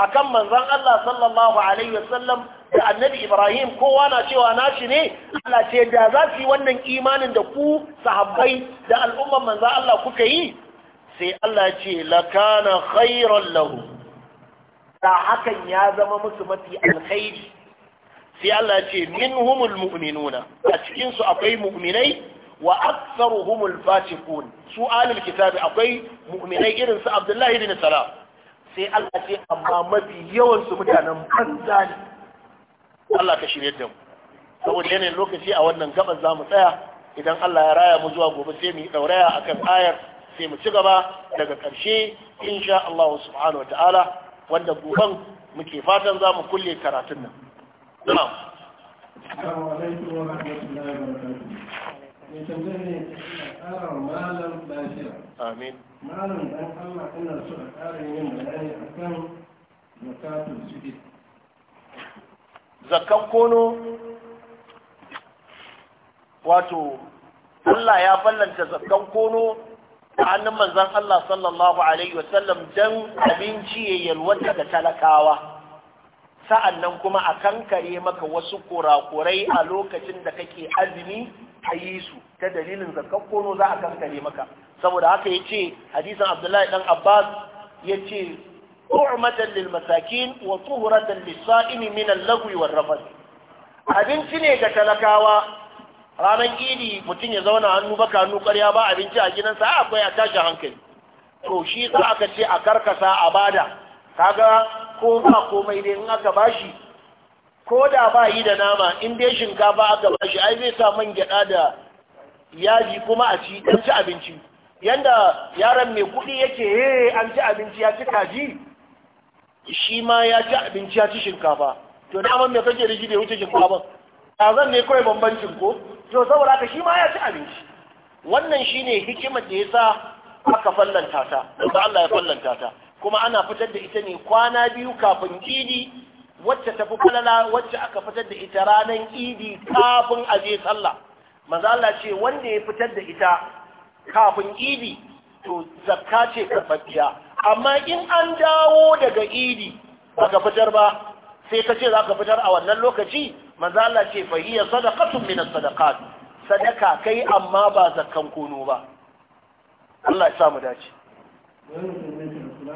akan manzan Allah sallallahu alaihi wasallam da annabi Ibrahim kowa na cewa nashi ne Allah ce da za su yi wannan imanin da ku sahabbai da al'umman manzan Allah kuka yi sai Allah ce lakana khairan lahu da hakan ya zama musu mafi alkhairi sai Allah ce minhumul mu'minuna a cikin su akwai mu'minai wa aktsaruhumul fasiqun su alil kitabi akwai mu'minai irin su Abdullahi ibn Salam sai Allah ce amma mafi yawan su mutanen banza ne Allah ka shirye da mu saboda yanayin lokaci a wannan gaban zamu tsaya idan Allah ya raya mu zuwa gobe sai mu yi dauraya akan ayar sai mu ci gaba daga ƙarshe insha Allah subhanahu wataala wanda goben muke fatan za mu kulle karatun nan ne lafiya amin malam dan Allah ina so a ƙara yin bayani kan zakatul sidi zakan kono wato Allah ya ballanta zakan kono a hannun manzan Allah sallallahu Alaihi wasallam don abinci ya yalwata da talakawa sa'annan kuma a kankare maka wasu kurakurai a lokacin da kake azumi a yi su ta dalilin zakakkono za a kankare maka saboda haka ya ce hadisan abdullahi dan abbas ya ce tu'matan lil masakin wa tuhuratan lis sa'imi lagwi abinci ne ga talakawa ranar idi mutum ya zauna hannu baka hannu ƙarya ba abinci a gidansa akwai a tashi hankali to shi za aka ce a karkasa a bada kaga ko ba komai dai in aka bashi ko da ba yi da nama in dai shinkafa aka bashi ai zai sa man gyada da yaji kuma a ci dan ci abinci yanda yaron mai kuɗi yake he eh, an ci abinci ya ci kaji shi ma ya ci abinci ya ci shinkafa to dama me kake da shi da wuce shinkafa zan ne kawai bambancin ko to saboda ka shi ma ya ci abinci wannan shine hikimar da yasa aka fallanta ta da Allah ya fallanta ta kuma ana fitar da ita ne kwana biyu kafin idi wacce tafi falala wacce aka fitar da ita ranar idi kafin a je sallah manzo Allah ce wanda ya fitar da ita kafin idi to zakka ce karfafiya amma in an dawo daga idi baka fitar ba sai ka ce za ka fitar a wannan lokaci manzo Allah ce fa hiya min as sadaka kai amma ba zakkan kono ba Allah ya sa mu dace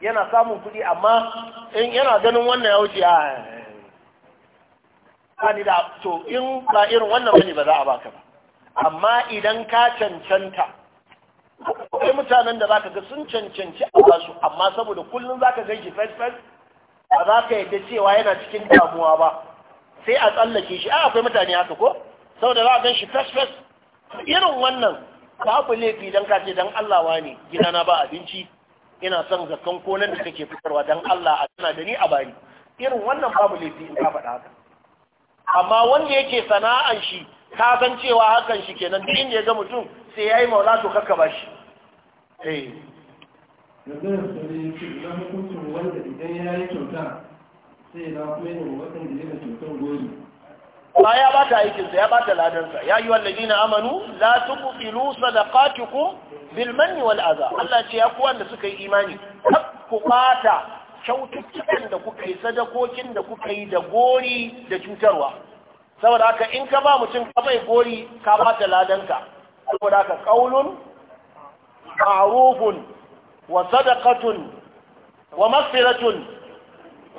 yana samun kuɗi amma in yana ganin wannan ya wuce ah, eh, a da to in ba irin wannan bane ba za a baka ba amma idan ka cancanta akwai mutanen da zaka ga sun cancanci a basu amma saboda kullum zaka ga shi fes fes ba za ka yadda cewa yana cikin damuwa ba sai a tsallake shi a ah, akwai mutane haka ko saboda za a gan shi fes fes irin wannan babu laifi don ka ce don Allah ne gidana ba abinci ina son zakan konan da kake fitarwa don Allah a tana da ni a bari irin wannan babu laifi in ka faɗa haka amma wanda yake sana'an shi ka san cewa hakan shi kenan duk inda ya ga mutum sai yayi maula to kakka ba shi eh wanda idan ya kyauta sai na kuma kyautar ba ya ba ta aikinsa ya ba ta ladansa ya yi wallazi na amanu la tuqbilu sadaqatukum sadakatuku bilmanni wani aza. Allah ce ya kuwa da suka yi imani ku bata kyaututtukan da kuka yi sadakokin da kuka yi da gori da cutarwa saboda haka in ka ba mutum ka bai gori ka ba ta ladanka saboda haka qaulun ma'rufun wa sadakatun wa mafiratun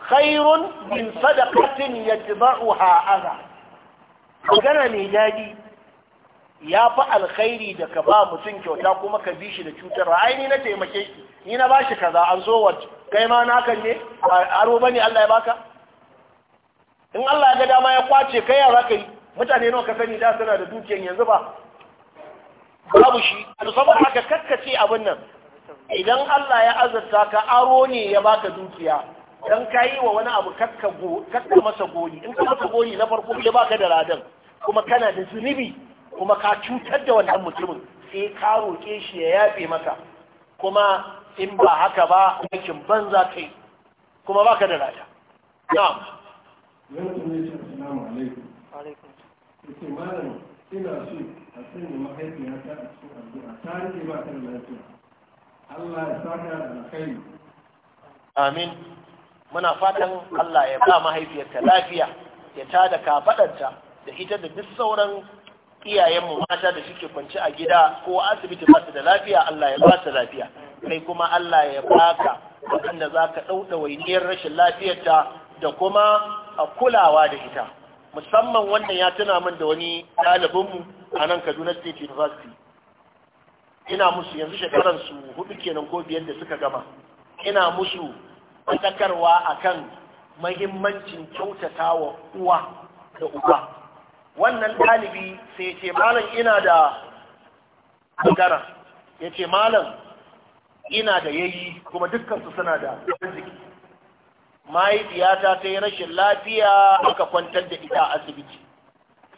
khairun min sadakatin yatba'uha ha'aza. magana mai daɗi ya fi alkhairi da ka ba mutum kyauta kuma ka bi shi da cutarwa ai ni na taimake shi ni na ba ka kaza an zo wacce kai ma na kan ne aro bane Allah ya baka in Allah ya ga dama ya kwace kai yara kai mutane nawa ka sani da suna da dukiyan yanzu ba babu shi to saboda haka kakkace abin nan idan Allah ya azurta ka aro ne ya baka dukiya dan kayi wa wani abu kakka go kakka in ka masa goni na farko ya baka da ladan kuma kana da zunubi kuma ka cutar da wannan mutumin sai ka roƙe shi ya yafe maka kuma in ba haka ba aikin banza kai kuma baka da lada na'am amin muna fatan Allah ya ba mahaifiyarta lafiya ya tada kafaɗanta. da ita da duk sauran iyayenmu mata da suke kwanci a gida ko asibiti ba su da lafiya Allah ya ba su lafiya kai kuma Allah ya baka wanda za ka ɗauɗa wainiyar rashin lafiyarta da kuma a kulawa da ita musamman wannan ya tuna min da wani ɗalibinmu a nan Kaduna State University ina musu yanzu shekaran su hudu kenan ko biyar da suka gama ina musu fadakarwa akan mahimmancin kyautatawa uwa da uba wannan ɗalibi sai ce malam ina da magana ya ce malam ina da yayi kuma dukkansu suna da arziki mahaifiyata ta yi rashin lafiya aka kwantar da ita a asibiti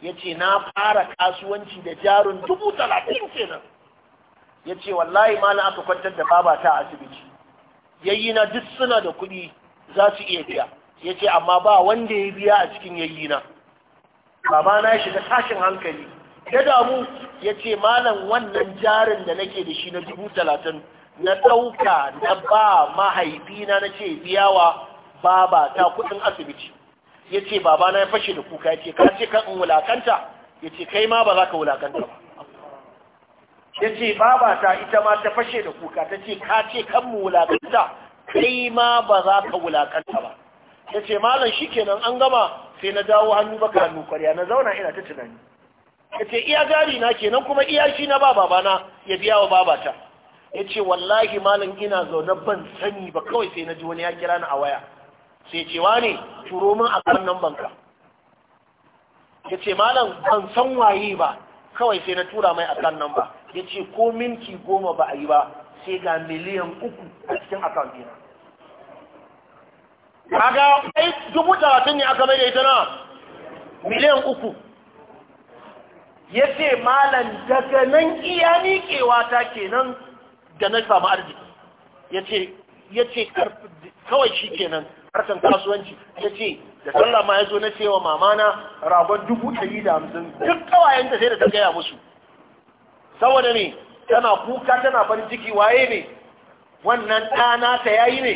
ya ce na fara kasuwanci da jarun dubu talatin kenan ya ce wallahi malam aka kwantar da babata a asibiti yayi na duk suna da kuɗi za su iya biya ya ce amma ba wanda ya biya a cikin yayi baba na shiga tashin hankali ya damu ya ce malam wannan jarin da nake da shi na dubu talatin na ɗauka na ba mahaifina na ce biyawa baba ta kuɗin asibiti ya ce baba na ya fashe da kuka ya ce ka ce kan wulakanta ya ce kai ma ba za ka wulakanta ba ya ce baba ta ita ma ta fashe da kuka ta ce ka ce kan mu wulakanta kai ma ba za ka wulakanta ba ya ce malam shi kenan an gama sai na dawo hannu baka hannu kwarya na zauna ina ta tunani ya ce iya gari na kenan kuma iya shi na ba babana ya biya wa babata ya ce wallahi malam ina zaune ban sani ba kawai sai na ji wani ya kira ni a waya sai ce ne turo min a kan nan banka ya ce malam ban san waye ba kawai sai na tura mai a kan nan ba ya ce ko minti goma ba a yi ba sai ga miliyan uku a cikin akawunti na. kaga ai dubu talatin ne aka mai ita na miliyan uku ya ce malam daga nan iya miƙewa ta ke nan da na samu arziki ya ce kawai shi ke nan harkar kasuwanci ya ce da sallah ma ya zo na cewa mamana ragon dubu ɗari da hamsin duk kawayenta sai da ta gaya musu saboda ne tana kuka tana farin ciki waye ne wannan ɗana ta yayi ne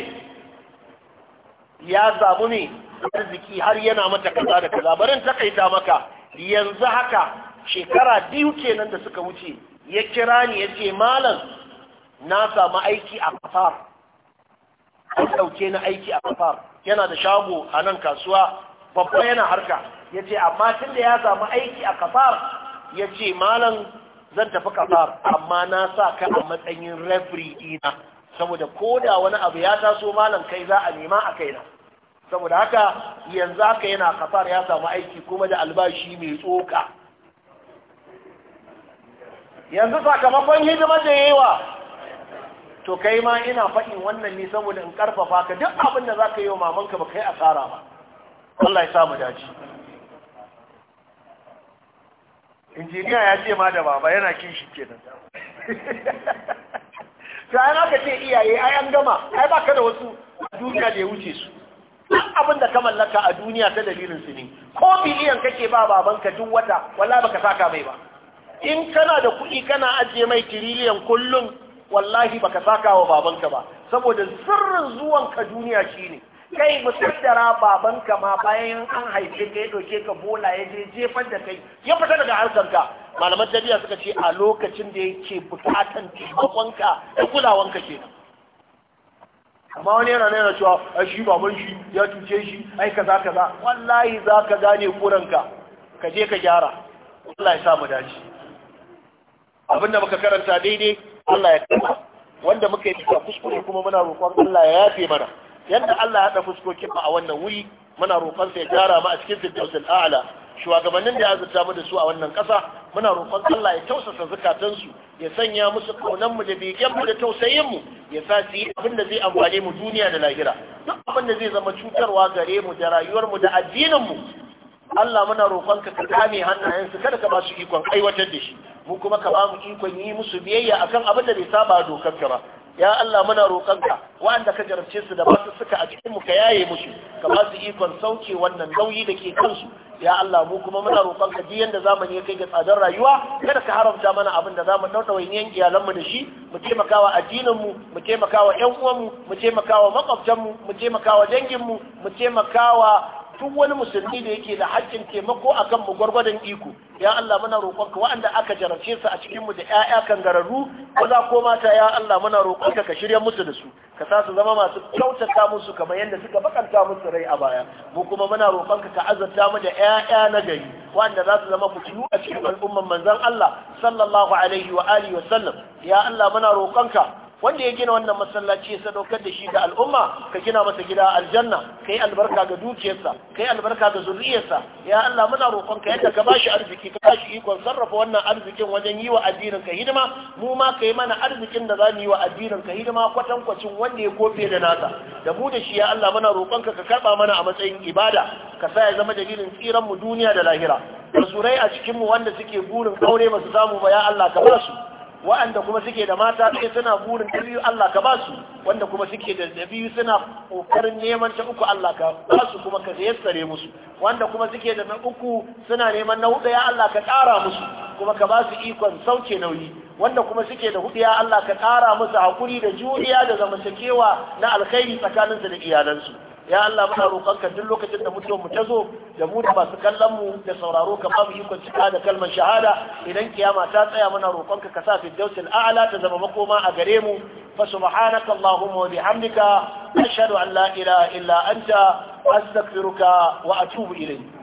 ya samu ne arziki har yana mata kaza da kaza barin takaita maka yanzu haka shekara biyu kenan da suka wuce ya kira ni ya ce malam na samu aiki a kafar an ɗauke na aiki a kafar yana da shago a nan kasuwa babba yana harka yace, ce amma tun da ya samu aiki a kafar yace malam zan tafi kafar amma na sa ka a matsayin refri dina saboda ko da wani abu ya taso malam kai za a nema a kaina saboda haka yanzu aka yana kafar ya samu aiki kuma da albashi mai tsoka yanzu sakamakon hidimar da yawa to kai ma ina faɗin wannan ne saboda in karfafa ka duk abin da za ka yi wa mamanka ba kai tsara ba Allah ya samu daji. injiniya ya ce ma da baba yana shi kenan ta yana aka ce iyaye ai an gama ai baka da wasu a duniya da ya wuce su duk abin da ka mallaka a duniya ta dalilin su ne ko biliyan kake ba babanka duk wata wallahi baka saka mai ba in kana da kuɗi kana ajiye mai tiriliyan kullum wallahi baka saka wa babanka ba saboda sirrin zuwan ka duniya shine kai musaddara babanka ma bayan an haife ka ya ɗauke ka bola ya je jefar da kai ya fita daga harkar ka. malaman jariya suka ce a lokacin da yake bukatan taimakonka da kulawanka kenan amma wani yana nuna cewa a shi baban shi ya cuce shi ai kaza kaza wallahi za ka gane kuranka ka je ka gyara Allah ya sa mu dace abinda muka karanta daidai Allah ya kama wanda muka yi ta kuskure kuma muna roƙon Allah ya yafe mana yadda Allah ya haɗa fuskokin a wannan wuri muna roƙon sa ya gyara mu a cikin firdausul a'la shugabannin da ya azurta mu da su a wannan ƙasa muna roƙon Allah ya tausasa zukatansu ya sanya musu kaunanmu da begenmu da tausayinmu ya sa su yi abin da zai amfane mu duniya da lahira duk abin da zai zama cutarwa gare mu da rayuwarmu da addininmu Allah muna roƙon ka kame hannayensu kada ka ba su ikon aiwatar da shi mu kuma ka ba mu ikon yi musu biyayya akan abin da bai saba dokar ka ba ya Allah muna roƙonka wa'anda ka jarabce su da basu suka a cikin mu ka yaye musu ka ba su ikon sauke wannan nauyi da ke kansu ya Allah mu kuma muna roƙonka duk yanda zamani ya kai ga tsadar rayuwa kada ka haramta mana abin da zamu dauda wayin iyalan mu da shi mu taimakawa addinin mu mu taimakawa ƴan uwan mu mu taimakawa makwabtan mu mu taimakawa dangin mu mu taimakawa duk wani musulmi da yake da haƙƙin taimako a kanmu gwargwadon iko ya Allah muna roƙonka waɗanda aka jarabce su a cikinmu da ƴaƴa kan maza ko mata ya Allah muna roƙonka ka shirya musu da su ka sa su zama masu kyautata musu kamar yadda suka bakanta musu rai a baya mu kuma muna roƙonka ka azurta mu da yaya na gari waɗanda za su zama fitilu a cikin al'umman manzon Allah sallallahu alaihi wa alihi wa sallam ya Allah muna roƙonka wanda ya gina wannan masallaci ya sadaukar da shi ga al'umma ka gina masa gida aljanna ka yi albarka ga dukiyarsa ka yi albarka ga zuriyarsa ya Allah muna roƙon ka yadda ka bashi arziki ka bashi ikon sarrafa wannan arzikin wajen yi wa addinin ka hidima mu ma ka yi mana arzikin da za mu yi wa addinin ka hidima kwatankwacin wanda ya kofe da nasa da mu da shi ya Allah muna roƙon ka ka karɓa mana a matsayin ibada ka sa ya zama dalilin tsiran mu duniya da lahira da a cikin mu wanda suke burin aure ba su samu ba ya Allah ka ba su wa'anda kuma suke da mata sai suna burin ta biyu Allah ka basu wanda kuma suke da da biyu suna kokarin neman ta uku Allah ka basu kuma ka yassare musu wanda kuma suke da na uku suna neman na hudu ya Allah ka ƙara musu kuma ka basu ikon sauke nauyi wanda kuma suke da hudu ya Allah ka ƙara musu hakuri da juriya da zamantakewa na alkhairi tsakaninsu da iyalansu ya Allah muna roƙonka duk lokacin da mutuwar mu ta zo da mu da masu kallon mu da sauraro ka babu ikon cika da kalmar shahada idan kiyama ta tsaya muna roƙonka ka sa firdausul a'ala ta zama makoma a gare mu fa subhanaka allahumma wa bihamdika ashhadu an la ilaha illa anta astaghfiruka wa atubu ilayk